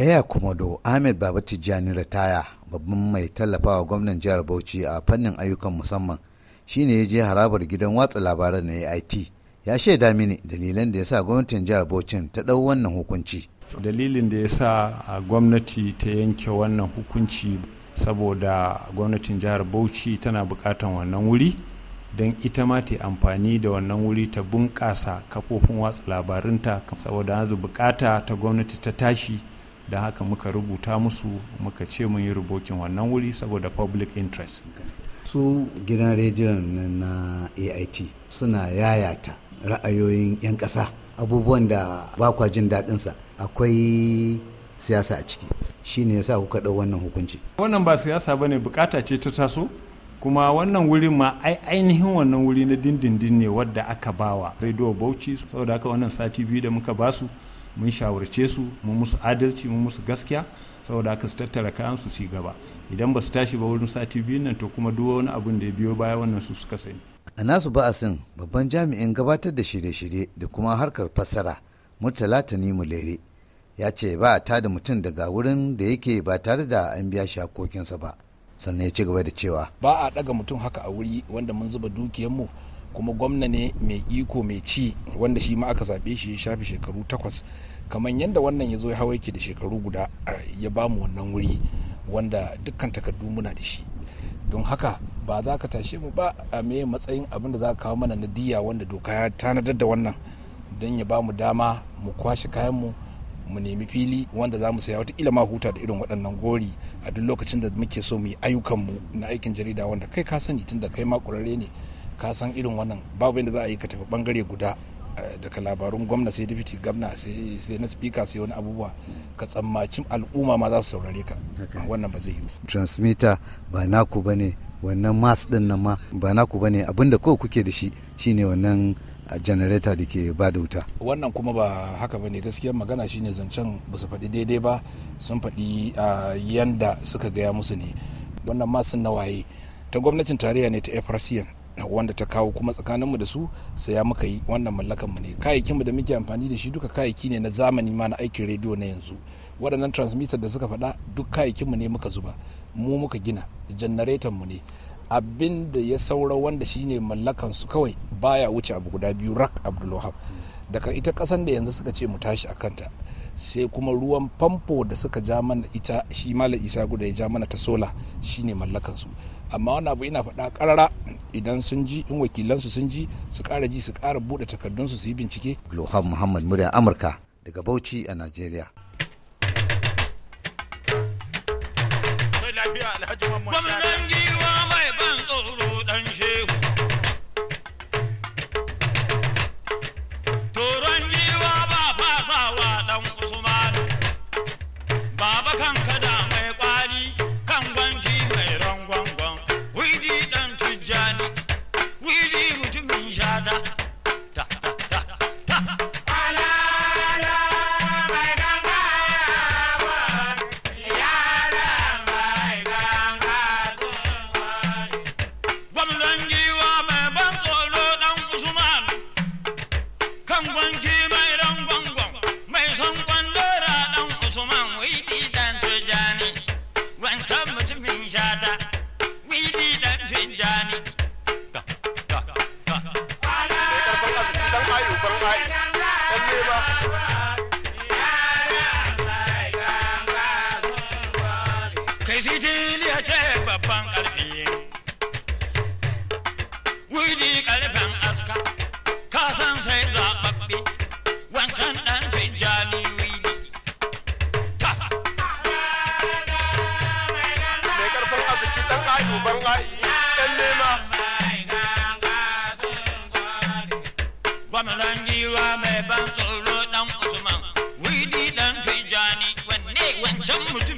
Eya Komodo Ahmed Baba Tijjani Rataya babban mai tallafawa gwamnan jihar Bauchi a fannin ayyukan musamman shine ya je harabar gidan watsa labaran na AIT ya shaida mini dalilan da yasa sa gwamnatin jihar Bauchi ta ɗau wannan hukunci. Dalilin da ya sa gwamnati ta yanke wannan hukunci saboda gwamnatin jihar Bauchi tana bukatan wannan wuri don ita ma ta amfani da wannan wuri ta bunƙasa kafofin watsa labarunta saboda yanzu bukata ta gwamnati ta tashi da haka muka rubuta musu muka ce mun yi rubokin wannan wuri saboda public interest su gidan rediyon na ait suna yayata ra'ayoyin 'yan ƙasa abubuwan da ba kwa jin daɗinsa akwai siyasa a ciki shi ne yasa kuka ɗau wannan hukunci wannan ba siyasa ba ne bukata ce ta taso kuma wannan wuri ma ai ainihin wannan wuri na dindindin ne wadda aka bawa rediyo bauchi saboda haka wannan sati biyu da muka basu mun shawarce su mun musu adalci mun musu gaskiya saboda haka su tattara kayan su su gaba idan ba su tashi ba wurin sati biyu nan to kuma duk wani abun da ya biyo baya wannan su suka sani a nasu ba'asin babban jami'in gabatar da shirye-shirye da kuma harkar fassara murtala mu lere ya ce ba a da mutum daga wurin da yake ba tare da an biya shi hakokinsa ba sannan ya ci gaba da cewa ba a daga mutum haka a wuri wanda mun zuba dukiyarmu kuma gwamna ne mai iko mai ci wanda shi ma aka zaɓe shi ya shafi shekaru takwas kamar yadda wannan ya zo ya hawa yake da shekaru guda ya ba mu wannan wuri wanda dukkan takardu muna da shi don haka ba za ka tashe mu ba a me matsayin abin da za ka kawo mana na diya wanda doka ya tanadar da wannan don ya ba mu dama mu kwashe kayan mu mu nemi fili wanda za mu saya wata ma huta da irin waɗannan gori a duk lokacin da muke so mu yi mu na aikin jarida wanda kai ka sani tun da kai ma ƙwararre ne ka san irin wannan babu yadda za a yi ka tafi bangare guda eh, daga labarun gwamna sai dipiti gwamna sai na speaker sai wani abubuwa ka tsammacin al'umma ma za su saurare ka wannan ba zai yi transmitter ba naku ne wannan mas din nan ma ba naku bane abinda ko kuke da shi shine wannan janareta ah, da ke ba da wuta wannan kuma ba haka bane gaskiyar magana shine zancen ba su faɗi daidai ba sun faɗi ah, yanda suka gaya musu ne wannan masu na waye ta gwamnatin tarayya ne ta FRCN wanda ta kawo kuma tsakaninmu da su sai ya muka yi wannan mu ne kayayyakinmu da muke amfani da shi duka kayayyaki ne na zamani ma na aikin rediyo na yanzu waɗannan transmitter da suka faɗa duk kayayyakinmu ne muka zuba mu muka gina mu ne abin da ya saura wanda shine mallakan su kawai baya wuce abu guda biyu rak abdulwahab daga ita kasan da yanzu suka ce mu tashi a kanta sai kuma ruwan famfo da suka ja mana ita shi mala isa guda ya ja mana ta sola shine mallakan su amma wani abu ina faɗa ƙarara idan sun ji in wakilansu sun ji su ƙara ji su ƙara buɗe takardunsu su yi bincike. Lohan Muhammad murya Amurka daga Bauchi a Najeriya. Gwamnan saka ka san sai zaɓaɓɓe wancan ɗan tijjani wili ka Me karfin arziki ɗan ayu ban ayi ɗan nema gwamnan giwa mai ban tsoro dan usman wili ɗan tijjani wanne wancan mutum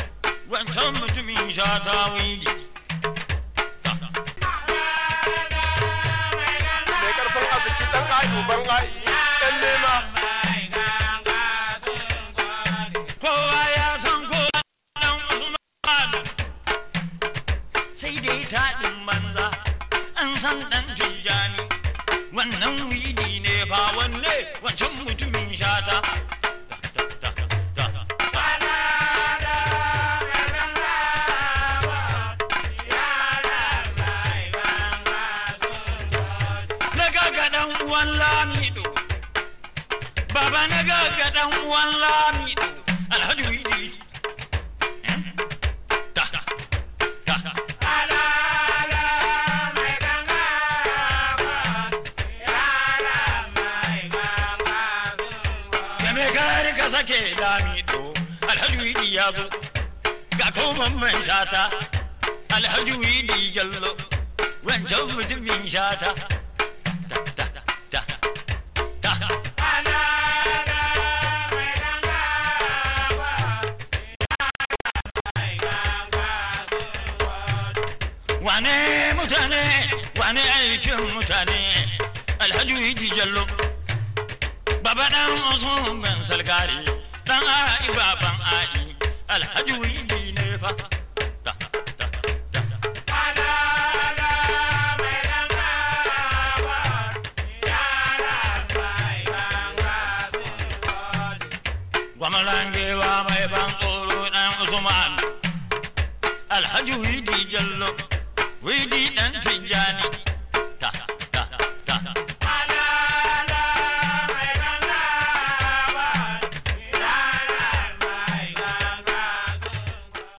wancan mutumin sha ta wili mai karfin arziki dan ayu ayi dan nema kowa ya san kowa dan usman sai dai taɗin banza an san dan jin baba na ga dan uwan lami alhaji widi ya sake lami do alhaji widi ya zo ga koman man shata alhaji widi jallo wancan mutumin shata sarkin mutane alhaji widi jallo baba dan osun ban salkari dan ai baban ai alhaji widi ne fa Gwamalangewa mai ban tsoro ɗan Usman, Alhaji Widi Jallo, Widi ɗan Tijjani.